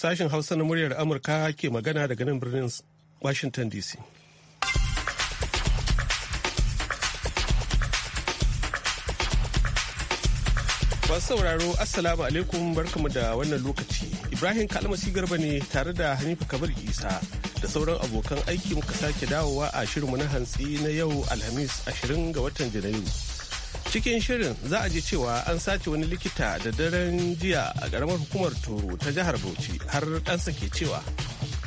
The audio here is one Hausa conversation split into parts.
Sashen Hausa na muryar Amurka ke magana daga nan birnin Washington DC. Masu sauraro Assalamu alaikum barkamu da wannan lokaci. Ibrahim Kalmasi Garba ne tare da Hanifa Kabir Isa da sauran abokan aiki muka sake dawowa a shirinmu na hantsi na yau Alhamis 20 ga watan Janairu. cikin shirin za a ji cewa an sace wani likita da daren jiya a ƙaramar hukumar toro ta jihar bauchi har ɗansa ke cewa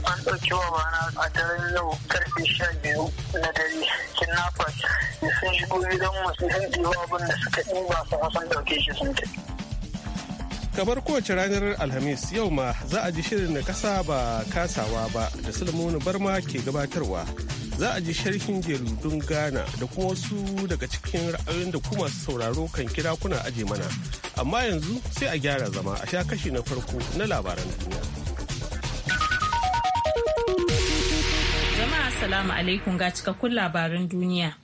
an ɗauki wa bana a daren yau karfe sha biyu na dare kidnappers da sun shigo gidan masu sun ɗiba abin da suka ɗiba su sun ɗauke shi sun tafi. kamar kowace ranar alhamis yau ma za a ji shirin na kasa ba kasawa ba da sulmunu barma ke gabatarwa za a ji sharhin jaridun Ghana da kuma wasu daga cikin ra'ayoyin da kuma masu sauraro kan kira kuna aje mana. Amma yanzu sai a gyara zama a sha kashi na farko na labaran duniya. Jama'a salamu alaikum ga cikakkun labaran duniya.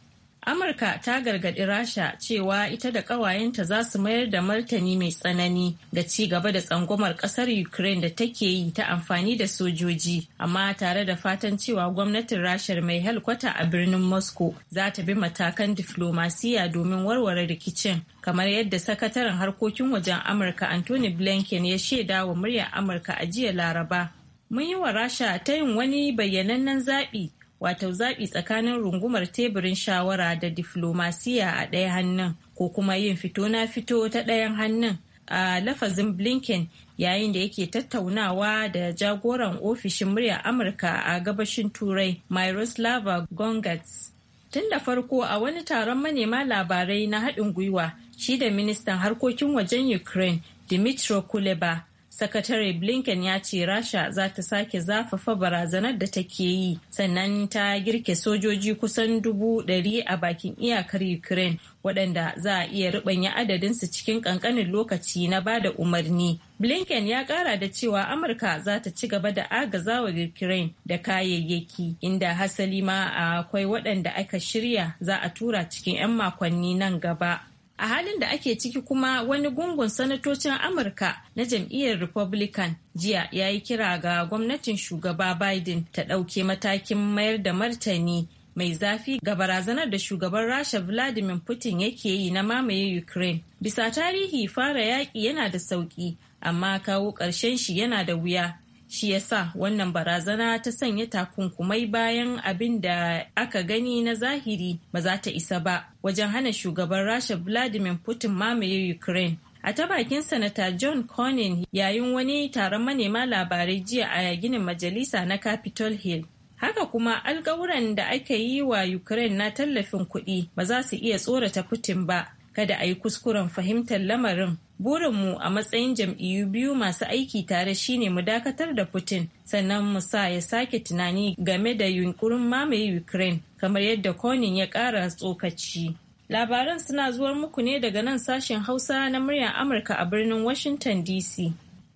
Amurka ta gargaɗi Rasha cewa ita da ƙawayenta za su mayar da martani mai tsanani ga ci gaba da tsangwamar ƙasar Ukraine da take yi ta amfani da sojoji, amma tare da fatan cewa gwamnatin Rashar mai helkwata a birnin Moscow za ta bi matakan diflomasiya domin warware rikicin. Kamar yadda sakataren harkokin wajen Amurka Anthony Blinken ya shaida wa muryar Amurka a jiya Laraba. Mun yi wa Rasha ta yin wani bayyanannen zaɓi wato zaɓi tsakanin rungumar teburin shawara da diflomasiya a ɗaya hannun ko kuma yin fito na fito ta ɗayan hannun a lafazin blinken yayin da yake tattaunawa da jagoran ofishin murya amurka a gabashin turai miroslava gongats tun da farko a wani taron manema labarai na haɗin gwiwa shi da ministan harkokin wajen ukraine dimitro kuleba sakatare blinken ya ce rasha za ta sake zafafa barazanar da take yi sannan ta girke sojoji kusan dubu ɗari a bakin iyakar ukraine waɗanda za a iya riɓanya adadinsu cikin ƙanƙanin lokaci na ba da umarni blinken ya ƙara da cewa amurka za ta ci gaba da agazawa ukraine da kayayyaki inda hasali ma akwai waɗanda aka shirya za a tura cikin 'yan makonni nan gaba a halin da ake ciki kuma wani gungun sanatocin amurka na jam'iyyar republican jiya ya yi kira ga gwamnatin shugaba biden ta ɗauke matakin mayar da martani mai zafi ga barazanar da shugaban rasha vladimir putin yake yi na mamaye ukraine bisa tarihi fara yaƙi yana da sauƙi amma kawo ƙarshen shi yana da wuya shi ya sa wannan barazana ta sanya takunkumai bayan abin da aka gani na zahiri ba za ta isa ba wajen hana shugaban rasha vladimir putin mamaye ukraine a ta bakin sanata john cornyn yayin wani taron manema labarai jiya a ginin majalisa na capitol hill haka kuma alkawuran da aka yi wa ukraine na tallafin kuɗi ba za su iya tsorata putin ba kada a yi kuskuren fahimtar lamarin burinmu a matsayin jam'iyyu biyu masu aiki tare shine mu dakatar da putin sannan mu sa ya sake tunani game da yunkurin mamaye ukraine kamar yadda konin ya kara tsokaci labaran suna zuwar muku ne daga nan sashen hausa na muryar amurka a birnin washington dc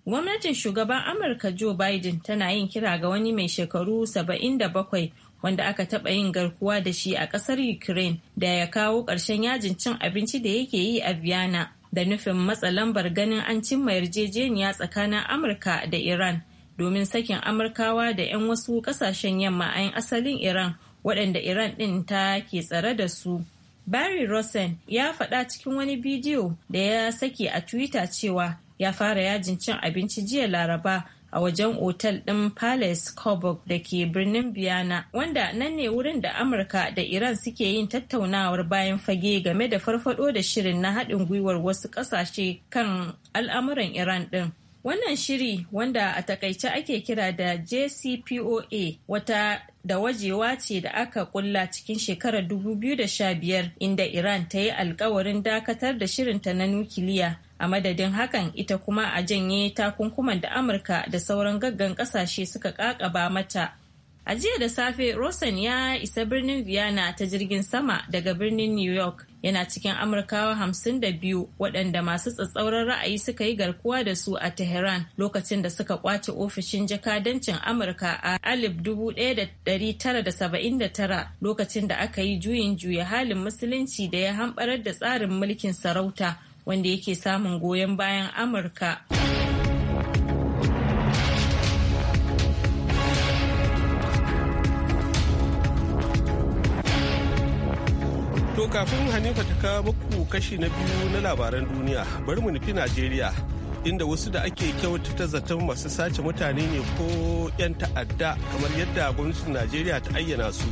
gwamnatin shugaban amurka joe biden tana yin kira ga wani mai shekaru 77 wanda aka taɓa yin garkuwa da shi a ƙasar ukraine da ya kawo ƙarshen yajin cin abinci da yake yi a vienna da nufin matsa lambar ganin an cimma yarjejeniya tsakanin amurka da iran domin sakin amurkawa da 'yan wasu kasashen yamma a asalin iran waɗanda iran ɗin ta ke tsare da su barry rosen ya faɗa cikin wani bidiyo da ya saki a twitter cewa ya fara yajin cin abinci jiya laraba a wajen otal ɗin Palace Coburg da ke birnin Biyana, wanda nan ne wurin da Amurka da Iran suke yin tattaunawar bayan fage game da farfado da shirin na haɗin gwiwar wasu ƙasashe kan al'amuran Iran ɗin. Wannan shiri wanda a takaice ake kira da JCPOA wata da wajewa ce da aka kulla cikin shekarar 2015 inda Iran ta yi alkawarin dakatar da shirinta na nukiliya a madadin hakan ita kuma a janye takunkuman da Amurka da sauran gaggan kasashe suka kakaba mata. A jiya da safe, Rosen ya isa birnin Vienna ta jirgin sama daga birnin New York yana cikin amurkawa hamsin da biyu waɗanda masu tsatsauran ra'ayi suka yi garkuwa da su a tehran lokacin da suka kwace ofishin jakadancin amurka a alif dubu tara lokacin da aka yi juyin juya halin musulunci da ya hamɓarar da tsarin mulkin sarauta wanda yake samun goyon bayan amurka. kafin hanifa ta kawo muku kashi na biyu na labaran duniya bari mu nufi najeriya inda wasu da ake kyauta ta zaton masu sace mutane ne ko 'yan ta'adda kamar yadda gwamnatin najeriya ta ayyana su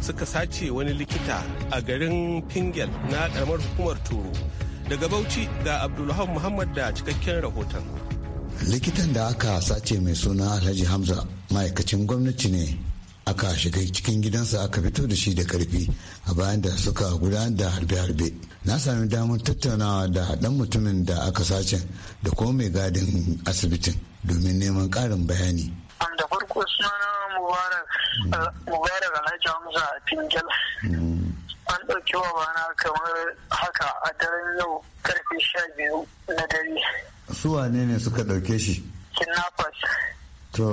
suka sace wani likita a garin pingel na karamar hukumar toro daga bauchi ga abdulhamu muhammad da cikakken rahoton likitan da aka sace mai suna alhaji hamza ma'aikacin gwamnati ne aka shiga cikin gidansa aka fito da shi da karfi a bayan da suka gudanar da harbe-harbe na sami damar tattaunawa da dan mutumin da aka sace da kuma mai gadin asibitin domin neman karin bayani da farko suna mubarak hmm. eh, mubarak alhaji hamza a hmm. an ɗauki wa bana kamar haka a daren yau karfe sha biyu na dare su ne suka ɗauke shi kidnappers to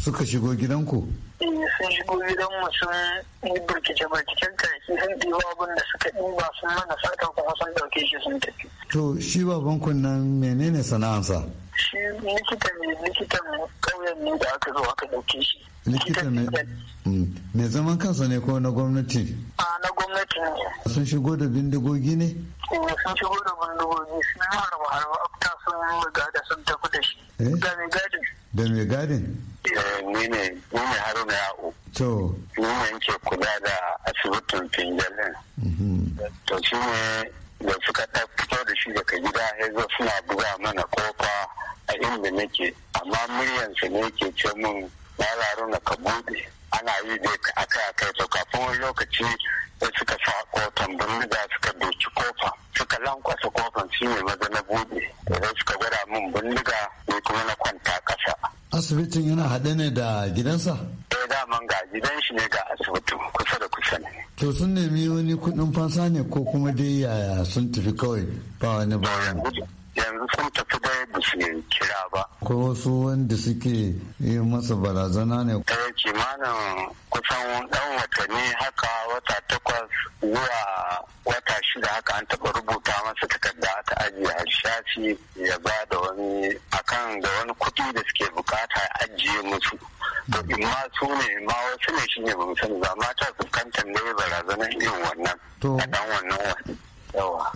suka shigo gidanku sun shigo gidanmu sun yi birkice-birkicen kaki sun ɗiba abin da suka ɗiba sun mana sata kuma sun ɗauke shi sun tafi. To shi baban kunnan menene sana'ansa? Shi likita ne likitan ƙauyen ne da aka zo aka ɗauke shi. Likita ne? Mm, mai zaman kansa ne ko na gwamnati? A na gwamnati ne. Sun shigo da bindigogi ne? Eh, sun shigo da bindigogi sun harba harba afta sun riga gada sun tafi da shi. Eh? Da mai gadin. Da mai gadin? ni ne haruna ya'u to ni ne yake kula da asibitin finjalin mhm. to shi ne da suka fito da shi daga gida ya suna buga mana kofa a inda nake amma muryansa ne ke ce mun na haruna ka bude ana yi ne a kai a kai to kafin wani lokaci da suka sa kofan bindiga suka doki kofa suka lankwasa kofan shi ne maza na buɗe da suka gwada min bindiga ne kuma na kwanta kasa asibitin yana haɗe ne da gidansa? eh daman ga gidan shi ne ga asibitin kusa da kusa ne. to sun nemi wani kuɗin fansa ne ko kuma dai yaya sun tafi kawai ba wani bayan. yanzu sun tafi da su kira ba. Ko wasu wanda suke yi masa barazana ne. Ta eh, kimanin kusan ɗan watanni haka wata takwas zuwa wata shida haka an taɓa rubuta masa takarda aka ajiye a shafi ya ba da wani akan da wani kuɗi da suke bukata ya ajiye musu. To imma su ne ma wasu ne shi ne ba mu sani ba mata kan tambaye barazanar irin wannan. To. A ɗan wannan wani.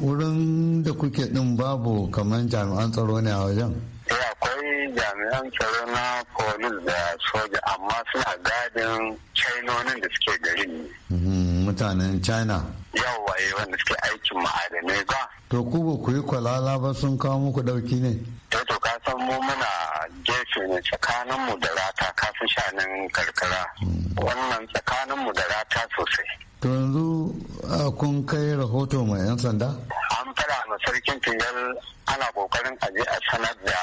Wurin da kuke ɗin babu kamar jami'an tsaro ne a wajen? Eh, akwai jami'an tsaro na polis da soja amma suna gadin chinonin da suke garin mhm, mutanen china yawa eh, wanda suke aikin ma'adanai ba to ku ba ku yi kwalala ba sun kawo muku dauki ne to eh, to ka san mu muna gefe ne tsakanin mu da rata kafin shanin karkara mm. wannan tsakanin mu da rata sosai to yanzu kun kai rahoto mai 'yan sanda? an fara ma sarkin tingal ana kokarin aje a sanar da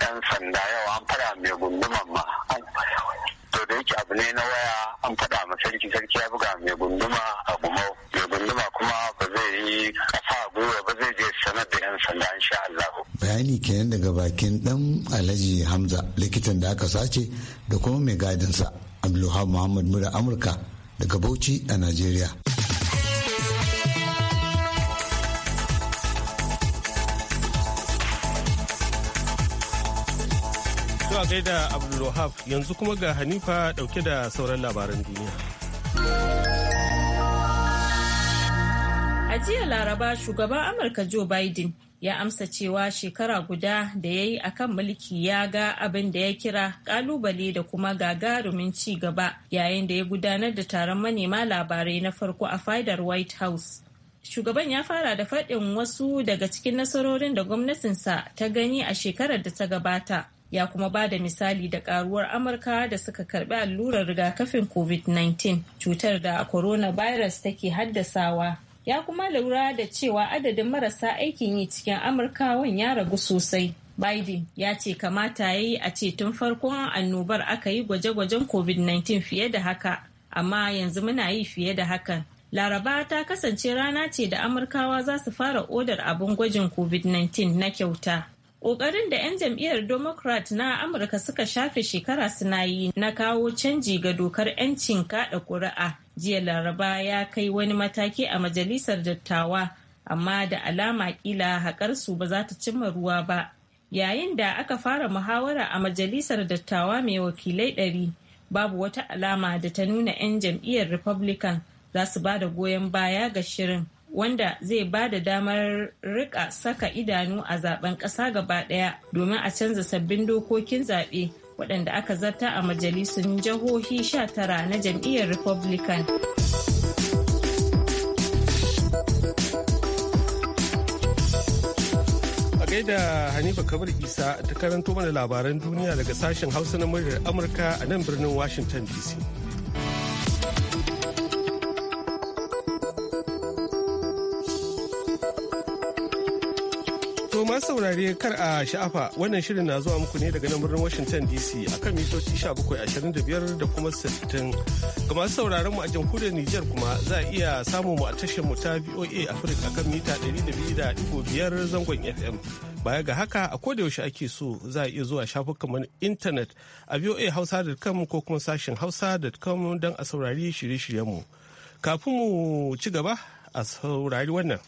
'yan sanda yau an fara mai gunduman ma to da yake abu ne na waya an fada ma sarki sarki ya buga mai gunduma a gumau mai gunduma kuma ba zai yi kafa gwiwa ba zai je sanar da 'yan sanda in sha Allah. bayani kenan daga bakin dan alhaji hamza likitan da aka sace da kuma mai gadinsa abdulhamu muhammad mura amurka daga Bauchi a Najeriya. Zuwa gaida Abdulwahab yanzu kuma ga Hanifa dauke da sauran labaran duniya. A jiya Laraba shugaban Amurka Joe Biden ya amsa cewa shekara guda da ya yi akan mulki ya ga abin da ya kira kalubale da kuma gagarumin ci gaba yayin da ya gudanar da taron manema labarai na farko a fadar white house shugaban ya fara da faɗin wasu daga cikin nasarorin da gwamnatinsa ta gani a shekarar da ta gabata ya kuma ba da misali da karuwar amurka da suka karbi allurar rigakafin covid-19 cutar da coronavirus take haddasawa ya kuma lura da cewa adadin marasa aikin yi cikin amurkawan ya ragu sosai biden ya ce kamata ya yi a ce tun farkon annobar aka yi gwaje-gwajen covid-19 fiye da haka amma yanzu muna yi fiye da hakan laraba ta kasance rana ce da amurkawa za su fara odar abin gwajin covid-19 na kyauta ƙoƙarin da 'yan jam'iyyar democrat na amurka suka shafe shekara suna yi na kawo canji ga dokar 'yancin kaɗa ƙuri'a jiya laraba ya kai wani mataki a majalisar dattawa amma da alama kila haƙarsu ba za ta cimma ruwa ba yayin da aka fara muhawara a majalisar dattawa mai wakilai ɗari babu wata alama da ta nuna 'yan jam'iyyar republican za su ba da goyon baya ga shirin wanda zai ba da damar rika saka idanu a zaben ƙasa gaba ɗaya domin a canza sabbin dokokin zaɓe waɗanda aka zarta a majalisun jihohi 19 na jam'iyyar republican a da hanifa kabir isa ta karanto mana labaran duniya daga sashen hausa na muryar amurka a nan birnin washington dc Masu saurare kar a sha'afa wannan shirin na zuwa muku ne daga nan birnin Washington DC a kan mitoci 1725 da kuma 60. Ga masu sauraron mu a jamhuriyar Nijar kuma za a iya samun mu a tashar mu ta VOA Africa kan mita 200.5 zangon FM. Baya ga haka a koda yaushe ake so za a iya zuwa shafukan mu intanet a voahausa.com ko kuma sashin hausa.com don a saurari shirye-shiryen mu. Kafin mu ci gaba a saurari wannan.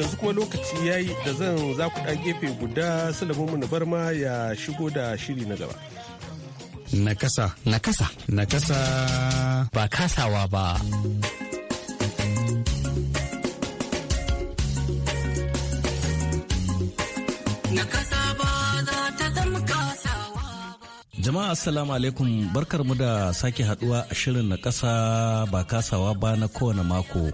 yanzu kuma lokaci ya yi da zan za ku ɗan gefe guda salamunmu na barma ya shigo da shiri na gaba. Nakasa. Nakasa. Nakasa. Ba kasawa ba. Jama'a Assalamu alaikum barkar mu da sake haduwa a shirin na kasa ba kasawa ba na kowane mako.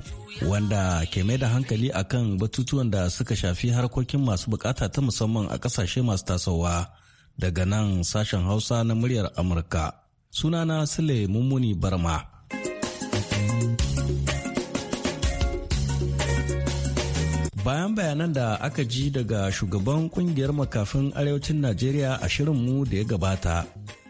wanda ke mai da hankali akan batutuwan da suka shafi harkokin masu bukata ta musamman a kasashe masu tasowa daga nan sashen hausa na muryar amurka sunana sule mummuni barma bayan bayanan da aka ji daga shugaban kungiyar makafin arewacin najeriya a mu da ya gabata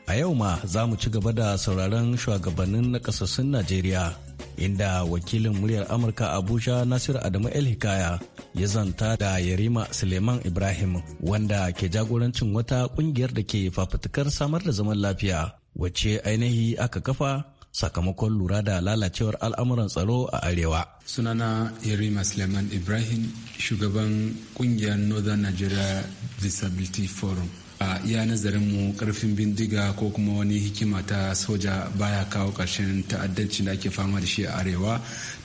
a yau ma za mu ci gaba da sauraron shugabannin nakasassun najeriya inda wakilin muryar Amurka Abuja Nasiru Adamu El Hikaya ya zanta da Yarima Suleiman Ibrahim wanda ke jagorancin wata kungiyar da ke fafutukar samar da zaman lafiya wacce ainihi aka kafa sakamakon lura da lalacewar al'amuran tsaro a arewa. sunana yarima suleiman ibrahim shugaban kungiyar northern nigeria disability forum a iya nazarin mu karfin bindiga ko kuma wani hikima ta soja baya kawo karshen ta'addanci da ake fama da shi a arewa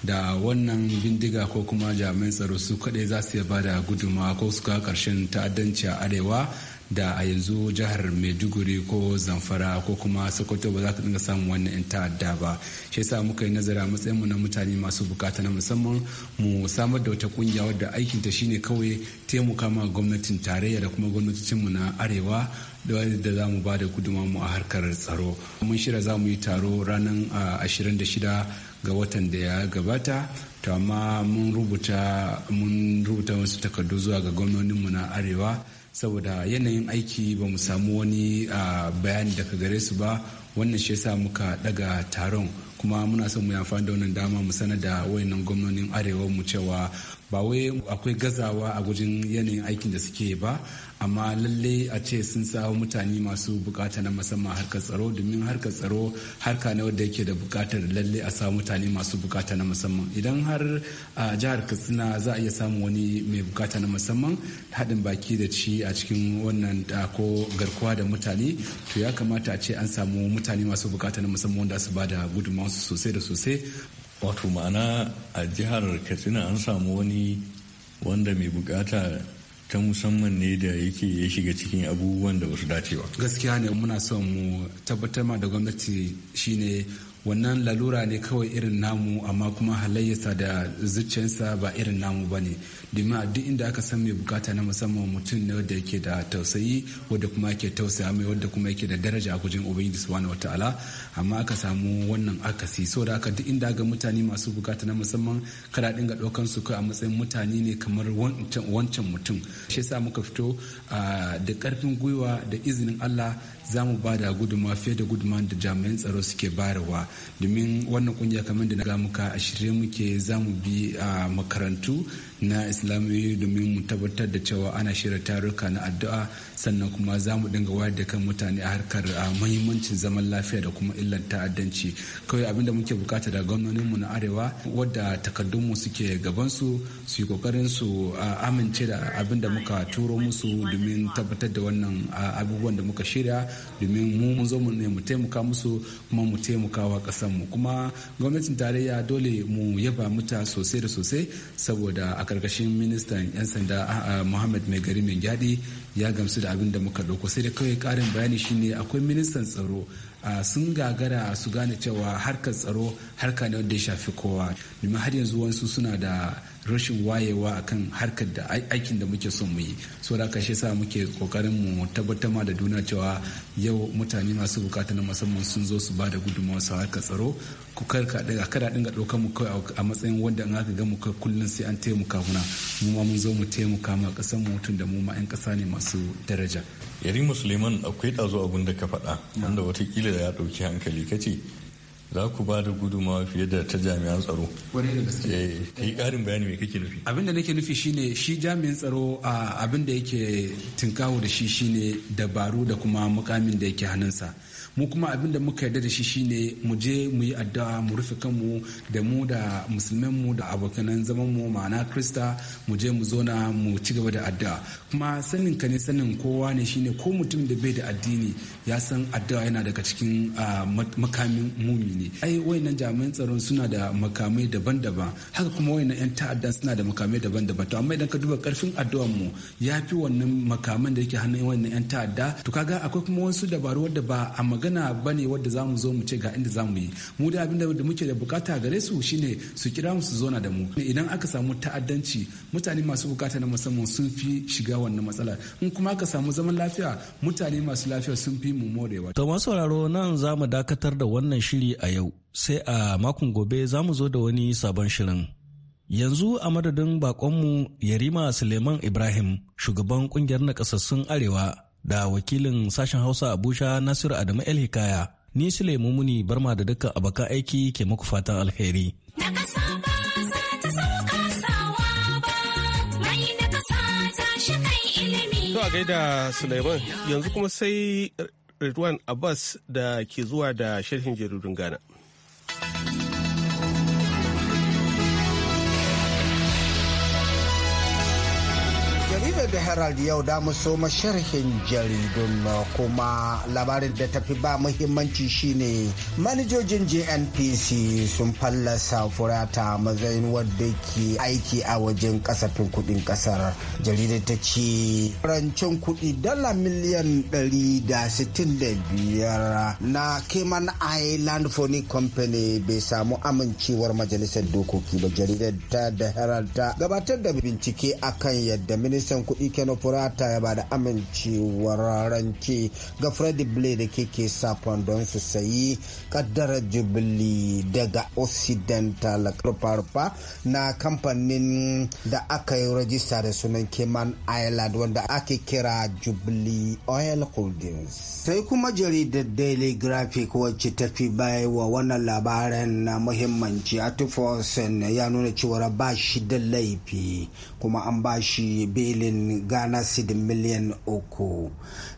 da wannan bindiga ko kuma jami'an tsaro su kaɗai za su iya ba da gudunmawa ko su kawo ƙarshen ta'addanci a arewa da a yanzu jihar maiduguri ko zamfara ko kuma sokoto ba za ka dinga samun wannan 'yan ta'adda ba shi yasa muka yi nazara matsayinmu na mutane masu bukata na musamman mu samar da wata kungiya wadda aikin ta shine kawai taimaka ma gwamnatin tarayya da kuma mu na arewa da za mu ba da mu a harkar tsaro mun shirya za mu yi taro ranar da shida ga watan da ya gabata to amma mun rubuta wasu takardu zuwa ga gwamnoninmu na arewa saboda yanayin aiki ba mu samu wani bayani daga gare su ba wannan shi yasa muka daga taron kuma muna son mu yi amfani da wannan dama mu sanar da wayannan gwamnonin arewa mu cewa ba wai akwai gazawa a gujin yanayin aikin da suke ba amma lalle a ce sun samu mutane masu bukata na musamman harkar tsaro domin harkar tsaro harka ne wadda yake da bukatar lalle a samu mutane masu bukata na musamman idan har a jihar katsina za a iya samun wani mai bukata na musamman haɗin baki da ci a cikin wannan ko garkuwa da mutane to ya kamata a ce an samu mutane masu bukata na musamman wanda su ba da gudunmawarsu sosai da sosai wato ma'ana a jihar katsina an samu wani wanda mai bukata ta musamman ne da yake ya shiga cikin abubuwan da wasu dacewa gaskiya ne muna son mu tabbatar ma da gwamnati shine wannan lalura ne kawai irin namu amma kuma halayyarsa da zuciyarsa ba irin namu ba ne domin a duk inda aka san mai bukata na musamman mutum ne wanda yake da tausayi wadda kuma yake tausaya mai wadda kuma yake da daraja a gujin ubangiji wa ta'ala amma aka samu wannan akasi so da aka duk inda ga mutane masu bukata na musamman kada dinga daukan su kai a matsayin mutane ne kamar wancan mutum shi yasa muka fito ah, da karfin gwiwa da izinin Allah za mu ba da gudunmawa fiye da gudunmawa da jami'an tsaro suke bayarwa domin wannan kungiya kamar da na ga ka a shirye muke za mu bi a ah, makarantu na islamiyoyi domin mu tabbatar da cewa ana shirya taruka na addu'a sannan kuma za mu dinga wayar da kan mutane a harkar mahimmancin zaman lafiya da kuma illar ta'addanci kawai abin da muke bukata da mu na arewa wadda mu suke gaban su yi kokarin su amince da abin da muka turo musu domin tabbatar da wannan abubuwan da muka shirya domin mu mun zo mu ne mu taimaka musu kuma mu taimaka wa mu kuma gwamnatin tarayya dole mu yaba muta sosai da sosai saboda karkashin ministan 'yan sanda muhammad mai gari mai gyadi ya gamsu da abin da muka dauko sai da kawai karin bayani shine akwai ministan tsaro sun gagara su gane cewa harkar tsaro harka ne wanda ya shafi kowa domin har yanzu wasu suna da rashin wayewa akan harkar da aikin da muke son muyi yi so da aka shi sa muke kokarin mu tabbatar ma da duna cewa yau mutane masu bukata na musamman sun zo su ba da gudunmawa su harkar tsaro ku daga kada dinga ɗaukar mu kai a matsayin wanda an aka ga mu kai kullun sai an taimaka muna mu ma mun zo mu taimaka ma kasan mu mutum da mu ma 'yan ƙasa ne masu daraja. Yari musliman akwai ɗazu abun da ka faɗa wanda watakila ya ɗauki hankali kace za ku ba da gudunmawa fiye da ta jami'an tsaro. da gaske. Eh, ka yi ƙarin bayani me kake nufi? Abin da nake nufi shine shi jami'in tsaro abin da yake tinkawo da shi shine dabaru da kuma mukamin da yake hannunsa. mu kuma abin da muka yarda da shi shine mu je mu yi addu'a mu rufe kanmu da mu da musulman mu da abokanan zaman mu ma'ana krista mu je mu zona mu ci gaba da addu'a kuma sanin ka ne sanin kowa ne shine ko mutum da bai da addini ya san addu'a yana daga cikin makamin ne ai wayannan jami'an tsaron suna da makamai daban-daban haka kuma nan yan ta'addan suna da makamai daban-daban to amma idan ka duba karfin addu'an mu ya fi wannan makaman da yake hannun wayannan yan ta'adda to kaga akwai kuma wasu dabaru wadda ba a magana magana ba ne wadda za mu zo mu ce ga inda za mu yi mu da abin da muke da bukata gare su shine su kira mu su na da mu idan aka samu ta'addanci mutane masu bukata na musamman sun fi shiga wannan matsala in kuma aka samu zaman lafiya mutane masu lafiya sun fi mu morewa. to masu sauraro nan za mu dakatar da wannan shiri a yau sai a makon gobe za mu zo da wani sabon shirin. Yanzu a madadin bakonmu Yarima Suleiman Ibrahim, shugaban kungiyar nakasassun Arewa da wakilin sashen Hausa Abuja Nasiru Adamu El Hikaya. Ni Sule Mumuni Barma da dukkan abokan aiki ke muku fatan alheri. To a gaida sulaiman yanzu kuma sai Ridwan Abbas da ke zuwa da sharhin jaridun Ghana. da herald yau da mu soma sharhin jaridun kuma labarin da tafi ba muhimmanci shine manajojin jnpc sun fallasa furata matsayin wadda ke aiki a wajen kasafin kudin kasar jaridar ta ce rancen kudi dala miliyan 165 na cayman island phony company bai samu amincewar majalisar dokoki ba jaridar ta da herald ta gabatar da bincike akan yadda ministan kudi kuɗi kano Furata ya bada amincewar rance ga Freddy Blay da keke Sapon don su sayi kaddarar jubili daga Occidental rufa na kamfanin da aka yi rajista da sunan Cayman Island wanda ake kira Jubilee Oil Holdings. Sai kuma jaridar Daily Graphic wacce ta fi wa wannan labarin na muhimmanci Atifosin ya nuna cewa ba shi da laifi kuma an ba shi belin ghana Seed miliyan uku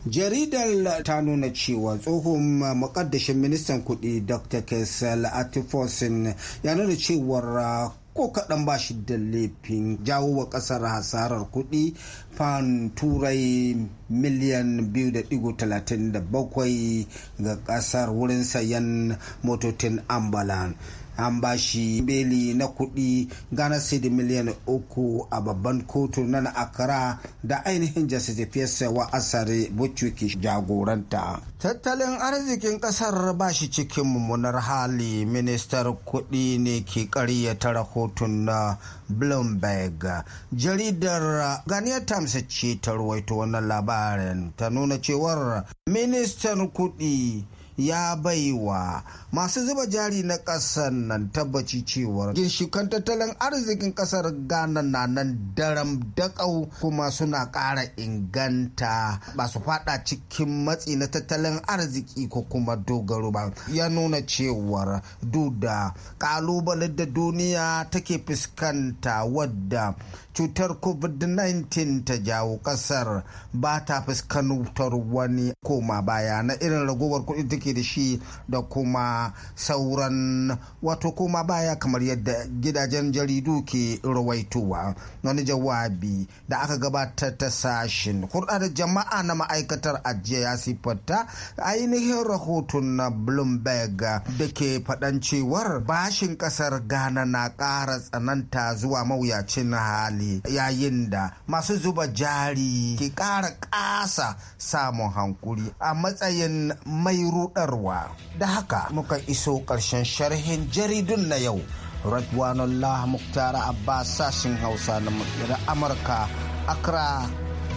jaridar ta nuna cewa tsohon makaddashin ministan kudi dr Kessel atifosin ya nuna cewar uh, ko kaɗan ba shi da laifin jawo wa ƙasar hasarar kuɗi fan turai miliyan 2.37 ga ƙasar wurin sayan motocin ambulan an ba shi beli na kuɗi gana sidi miliyan uku a babban kotu na akara da ainihin justice fiyarsa wa asari bucu jagoranta tattalin arzikin ƙasar ba shi cikin mummunar hali ministar kuɗi ne ke ƙaryata rahoton na bloomberg jaridar ghanaian times ce ta ruwaito wannan labarin ta nuna cewar ministan kuɗi ya baiwa masu zuba jari na ƙasar nan tabbaci cewar ginshikan tattalin arzikin kasar ghana na nan daram daƙau kuma suna ƙara inganta ba su fada cikin matsi na tattalin arziki ko kuma dogaro ba ya nuna cewar duda ƙalubale da duniya take fuskanta wadda cutar covid-19 ta jawo kasar ba ta fuskantar wani koma baya na irin ragowar kuɗi take da shi da kuma sauran wato koma baya kamar yadda gidajen jaridu ke rawaitowa wani jawabi da aka gabatar ta sashin da jama'a na ma'aikatar ajiya ya siffanta ainihin rahoton na bloomberg da ke faɗan cewar bashin ƙasar ghana na ƙara tsananta zuwa mawuyacin hali yayin da masu zuba jari ke ƙara ƙasa samun hankuri a matsayin mai rudarwa da haka kuka iso ƙarshen sharhin jaridun na yau Radwanullah Muktar Abbas sashin Hausa na mutsirar Amurka Accra,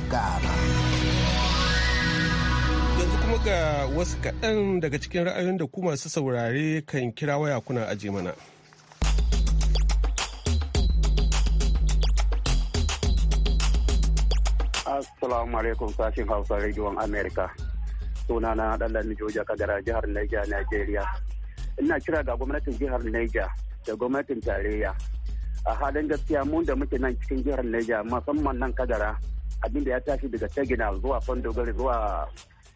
Ghana. Yanzu kuma ga wasu kaɗan daga cikin ra'ayoyin da ku masu saurare kan kira waya kuna aje mana. Assalamu alaikum sashin Hausa Radio America. suna na ɗallan Joja Kagara jihar Niger Nigeria. Ina kira ga gwamnatin jihar Niger da gwamnatin tarayya. A halin gaskiya mun da muke nan cikin jihar Niger musamman nan Kagara abinda ya tashi daga Tagina zuwa Fandogari zuwa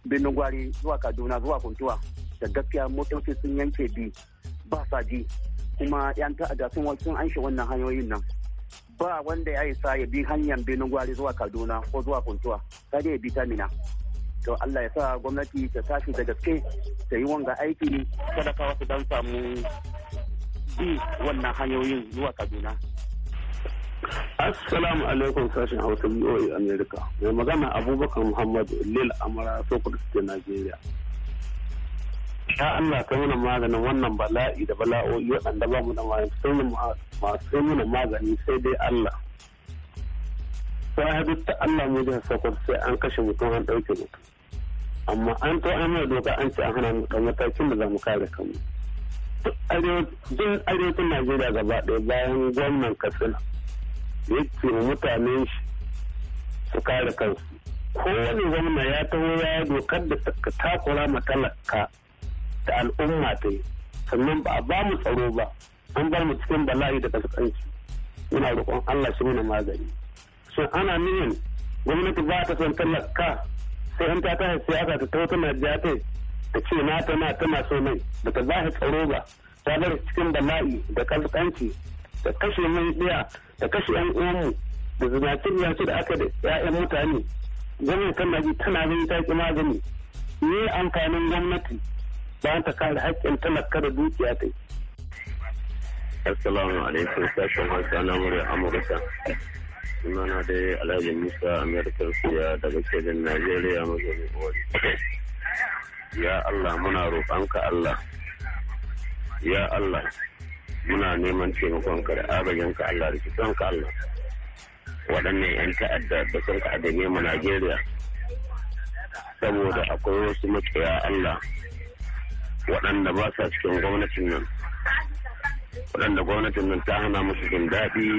Birnin Gwari zuwa Kaduna zuwa Kuntuwa. Da gaskiya motoci sun yanke bi ba sa ji kuma 'yan ta'adda sun wasu an shi wannan hanyoyin nan. ba wanda ya isa ya bi hanyar benin gwari zuwa kaduna ko zuwa kuntuwa sai ya bi tamina to Allah ya sa gwamnati ta tashi da gaske ta yi wanga aiki ka wasu dan samu bi wannan hanyoyin zuwa Kaduna. Assalamu alaikum sashen Hausa BOA America. Mai magana Abubakar Muhammad Lil Amara Sokoto State Nigeria. Ya Allah ka nuna maganin wannan bala'i da bala'o'i waɗanda ba mu da masu nuna magani sai dai Allah. wai ta Allah mu jihar sai an kashe mutum an ɗauke mutum amma an to an yi doka an ce an hana mu kan matakin da za mu kare kanmu duk arewacin Najeriya gaba ɗaya bayan gwamnan Katsina ya ce mutane shi su kare kansu kowane gwamna ya taho ya dokar da ta takura matalaka da al'umma ta yi sannan ba a ba mu tsaro ba an bar mu cikin bala'i da kaskanci muna roƙon Allah shi na magani so ana wani gwamnati ba ta son tallaka sai in ta tashi siyasa ta tauta na jate ta ce na tana tana so mai da ta bashi tsaro ba ta bar cikin bala'i da kalkanci da kashe mun ɗaya da kashe yan uwanmu da zinace zinace da aka da 'ya'yan mutane gwamnati ta ji tana zai ta ki magani ne amfanin gwamnati ba ta kare haƙƙin talaka da dukiya ta Assalamu alaikum sashen Hausa na murya Amurka. sunana dai alhaji musa amerikar suya daga cikin najeriya mazauni wani ya allah muna roƙonka allah ya allah muna neman taimakonka da agajinka allah da kisanka allah waɗannan 'yan ta'adda da sun ka adane mu najeriya saboda akwai wasu matsaya allah waɗanda ba sa cikin gwamnatin nan waɗanda gwamnatin nan ta hana musu jin daɗi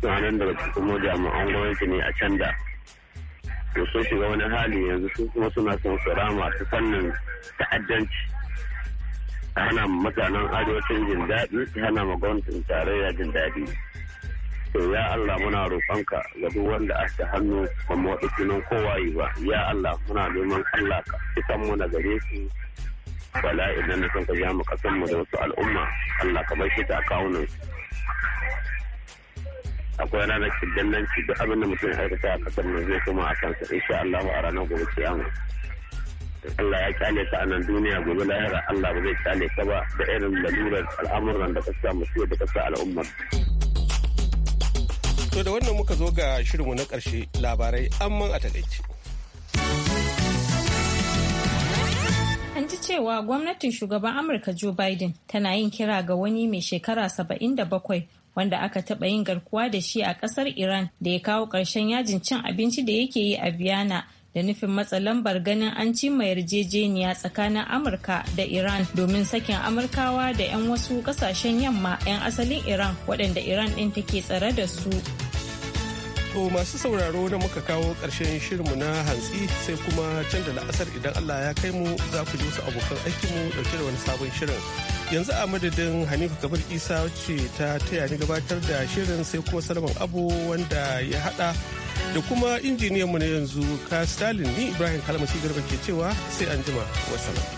suna nan daga kuma jami'an gwamnati ne a can da to sun shiga wani hali yanzu su kuma suna son su rama fannin ta'addanci hana mutanen arewacin jin daɗi ta hana ma gwamnatin tarayya jin daɗi to ya Allah muna roƙonka ga duk wanda a ta hannu ba mu waɗi sunan kowaye ba ya Allah muna neman Allah ka fitan mu na gare su bala idan da sun ka ja mu kasan mu da wasu al'umma Allah ka bar shi ta kawunan akwai ranar shiddananci duk abin da mutum ya aikata a kasar nan zai koma a kansa insha Allah a ranar gobe kiyama Allah ya kyale ta a nan duniya gobe lahira Allah ba zai kyale ta ba da irin lalurar al'amuran da kasa sa musu da kasa al'umma To da wannan muka zo ga shirinmu na karshe labarai amma a takaice. An ji cewa gwamnatin shugaban Amurka Joe Biden tana yin kira ga wani mai shekara 77 wanda aka taɓa yin garkuwa da shi a ƙasar Iran da ya kawo ƙarshen yajin cin abinci da yake yi a Biyana da nufin matsa lambar ganin an cimma yarjejeniya tsakanin Amurka da Iran domin sakin Amurkawa da 'yan wasu ƙasashen yamma 'yan asalin Iran waɗanda Iran ɗin take tsare da su. To masu sauraro da muka kawo ƙarshen shirinmu na hantsi sai kuma can da la'asar idan Allah ya kai mu za ku ji wasu abokan aikinmu ɗauke da wani sabon shirin. yanzu a madadin hanifu kabar isa ce ta taya ni gabatar da shirin sai kuma salaman abu wanda ya hada da kuma injiniyanmu na yanzu ka stalin ni ibrahim kalmasi garba ke cewa sai an jima wasalam